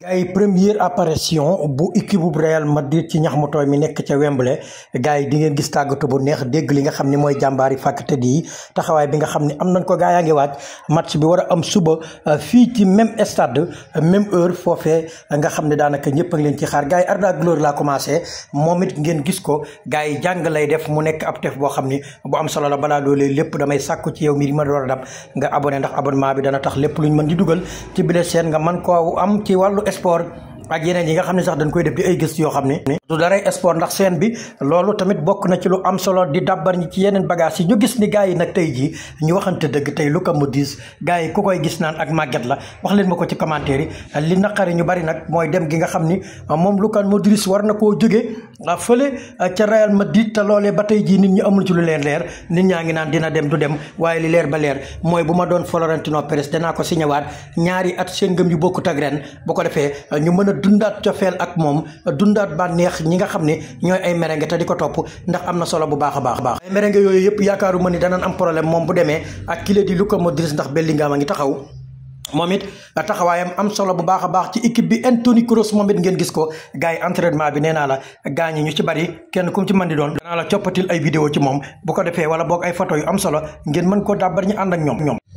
ay première apparition bu équipe bu Real Madrid ci ñax mu tooy mi nekk ca Wembley gars yi di ngeen gis tàggatu bu neex dégg li nga xam ne mooy jàmbaari fàkkte di taxawaay bi nga xam ne am nañ ko gaa yaa ngi waaj match bi war a am suba euh, fii ci même stade euh, même heure foofee nga xam ne daanaka ñëpp a leen ci xaar gars yi Arda Güler laa commencé moom it ngeen gis ko gars yi jàng lay def mu nekk ab teef boo xam ni bu am solo la balaa loolee lépp damay sàkku yow mi di ma door nga abonné ndax abonnement bi dana tax lépp luñ mën di dugal por ak yeneen yi nga xam ne sax dañ koy def di ay gëstu yoo xam ne du daray sport ndax seen bi loolu tamit bokk na ci lu am solo di dàbbar ñi ci yeneen bagage yi ñu gis ni gars yi nag tey jii ñu waxante dëgg tey lu ko mu diis yi ku koy gis naan ak màgget la wax leen ma ko ci commentaire yi li naqari ñu bari nag mooy dem gi nga xam ni moom lu Luka Modric war na koo jógee fële ca ma Madrid te loolee ba tey jii nit ñi amul ci lu leen leer nit ñaa ngi naan dina dem du dem waaye li leer ba leer mooy bu ma doon Florentino Perez danaa ko signé waat ñaari at seen ngëm yu bokkut ak ren ko defee ñu mën a dundaat cofeel ak moom dundaat bànneex ñi nga xam ne ñooy ay merengue te di ko topp ndax am na solo bu baax a baax baax ay merengue yooyu yëpp yaakaaru ma ni danaan am problème moom bu demee ak kile di Luka Modric ndax Bellingham a ngi solo bu baax a baax ci équipe bi Anthony Kroos moom it ngeen gis ko gars yi entraînement bi nee naa la gars ñi ñu ci bari kenn ku mu ci mën di doon danaa la coppatil ay vidéo ci moom bu ko defee wala boog ay photo yu am solo ngeen mën koo dàbbar ñu ànd ak ñoom ñoom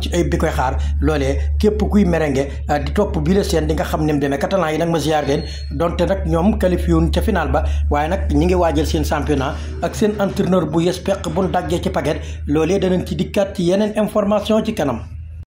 ci ay bi koy xaar loolee képp kuy merengue ah, di topp bii seen di nga xam ne mu demee catalan yi nag ma ziar leen donte nag ñoom qualifié wuñ ca final ba waaye nag ñi ngi waajal seen championnat ak seen entraîneur bu yes peq buñ daggee ci paquet loolee danañ ci dikkaat ci yeneen information ci kanam